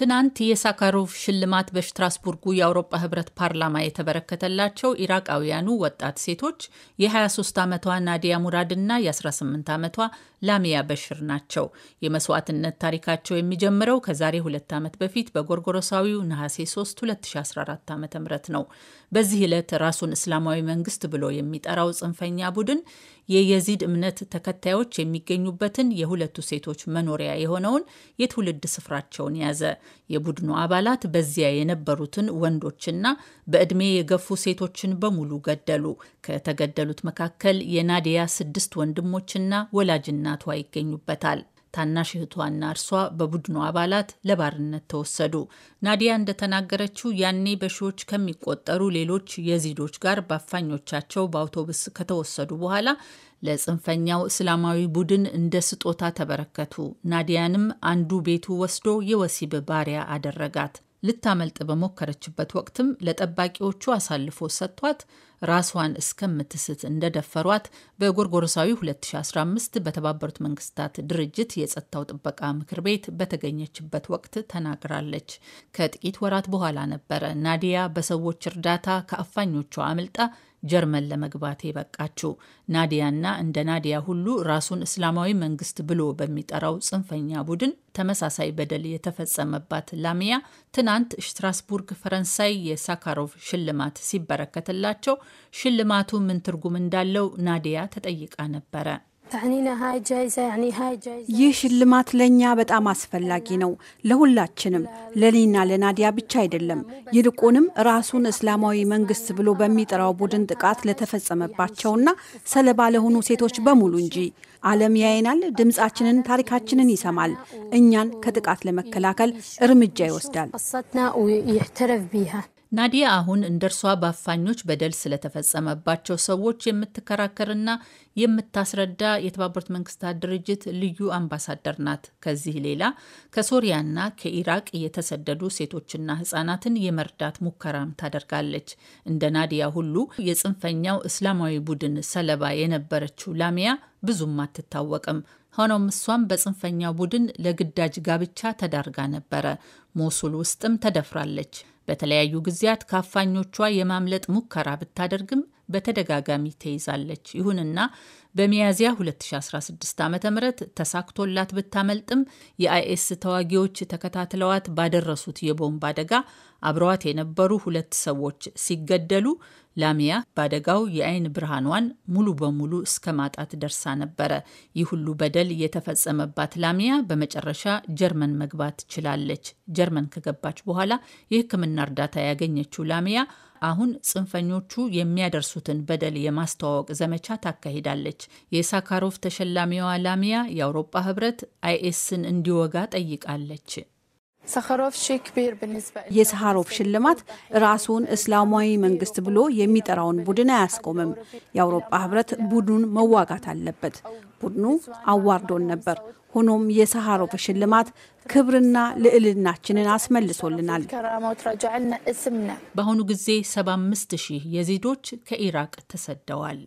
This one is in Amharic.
ትናንት የሳካሮቭ ሽልማት በሽትራስቡርጉ የአውሮፓ ህብረት ፓርላማ የተበረከተላቸው ኢራቃውያኑ ወጣት ሴቶች የ23 ዓመቷ ናዲያ ሙራድና የ18 ዓመቷ ላሚያ በሽር ናቸው። የመስዋዕትነት ታሪካቸው የሚጀምረው ከዛሬ ሁለት ዓመት በፊት በጎርጎሮሳዊው ነሐሴ 3 2014 ዓ ም ነው። በዚህ ዕለት ራሱን እስላማዊ መንግስት ብሎ የሚጠራው ጽንፈኛ ቡድን የየዚድ እምነት ተከታዮች የሚገኙበትን የሁለቱ ሴቶች መኖሪያ የሆነውን የትውልድ ስፍራቸውን ያዘ። የቡድኑ አባላት በዚያ የነበሩትን ወንዶችና በዕድሜ የገፉ ሴቶችን በሙሉ ገደሉ። ከተገደሉት መካከል የናዲያ ስድስት ወንድሞችና ወላጅ ይገኙበታል። ታናሽ እህቷና እርሷ በቡድኑ አባላት ለባርነት ተወሰዱ። ናዲያ እንደተናገረችው ያኔ በሺዎች ከሚቆጠሩ ሌሎች የዚዶች ጋር በአፋኞቻቸው በአውቶቡስ ከተወሰዱ በኋላ ለጽንፈኛው እስላማዊ ቡድን እንደ ስጦታ ተበረከቱ። ናዲያንም አንዱ ቤቱ ወስዶ የወሲብ ባሪያ አደረጋት። ልታመልጥ በሞከረችበት ወቅትም ለጠባቂዎቹ አሳልፎ ሰጥቷት ራሷን እስከምትስት እንደደፈሯት በጎርጎረሳዊ 2015 በተባበሩት መንግስታት ድርጅት የጸጥታው ጥበቃ ምክር ቤት በተገኘችበት ወቅት ተናግራለች። ከጥቂት ወራት በኋላ ነበረ ናዲያ በሰዎች እርዳታ ከአፋኞቿ አምልጣ ጀርመን ለመግባት የበቃችው። ናዲያና እንደ ናዲያ ሁሉ ራሱን እስላማዊ መንግስት ብሎ በሚጠራው ጽንፈኛ ቡድን ተመሳሳይ በደል የተፈጸመባት ላሚያ ትናንት ሽትራስቡርግ ፈረንሳይ የሳካሮቭ ሽልማት ሲበረከትላቸው ሽልማቱ ምን ትርጉም እንዳለው ናዲያ ተጠይቃ ነበረ። ይህ ሽልማት ለእኛ በጣም አስፈላጊ ነው፣ ለሁላችንም፣ ለኔና ለናዲያ ብቻ አይደለም። ይልቁንም ራሱን እስላማዊ መንግስት ብሎ በሚጠራው ቡድን ጥቃት ለተፈጸመባቸውና ሰለባ ለሆኑ ሴቶች በሙሉ እንጂ። ዓለም ያይናል ድምፃችንን፣ ታሪካችንን ይሰማል። እኛን ከጥቃት ለመከላከል እርምጃ ይወስዳል። ናዲያ አሁን እንደ እርሷ በአፋኞች በደል ስለተፈጸመባቸው ሰዎች የምትከራከርና የምታስረዳ የተባበሩት መንግስታት ድርጅት ልዩ አምባሳደር ናት። ከዚህ ሌላ ከሶሪያና ከኢራቅ የተሰደዱ ሴቶችና ህጻናትን የመርዳት ሙከራም ታደርጋለች። እንደ ናዲያ ሁሉ የጽንፈኛው እስላማዊ ቡድን ሰለባ የነበረችው ላሚያ ብዙም አትታወቅም። ሆኖም እሷም በጽንፈኛው ቡድን ለግዳጅ ጋብቻ ተዳርጋ ነበረ። ሞሱል ውስጥም ተደፍራለች። በተለያዩ ጊዜያት ከአፋኞቿ የማምለጥ ሙከራ ብታደርግም በተደጋጋሚ ተይዛለች። ይሁንና በሚያዝያ 2016 ዓ ም ተሳክቶላት ብታመልጥም የአይኤስ ተዋጊዎች ተከታትለዋት ባደረሱት የቦምብ አደጋ አብረዋት የነበሩ ሁለት ሰዎች ሲገደሉ ላሚያ በአደጋው የአይን ብርሃኗን ሙሉ በሙሉ እስከ ማጣት ደርሳ ነበረ። ይህ ሁሉ በደል የተፈጸመባት ላሚያ በመጨረሻ ጀርመን መግባት ችላለች። ጀርመን ከገባች በኋላ የሕክምና እርዳታ ያገኘችው ላሚያ አሁን ጽንፈኞቹ የሚያደርሱትን በደል የማስተዋወቅ ዘመቻ ታካሂዳለች። የሳካሮቭ ተሸላሚዋ ላሚያ የአውሮፓ ህብረት አይኤስን እንዲወጋ ጠይቃለች። የሳሃሮቭ ሽልማት ራሱን እስላማዊ መንግስት ብሎ የሚጠራውን ቡድን አያስቆምም። የአውሮፓ ህብረት ቡድኑን መዋጋት አለበት። ቡድኑ አዋርዶን ነበር። ሆኖም የሳሃሮቭ ሽልማት ክብርና ልዕልናችንን አስመልሶልናል። በአሁኑ ጊዜ 75 ሺህ የዜዶች ከኢራቅ ተሰደዋል።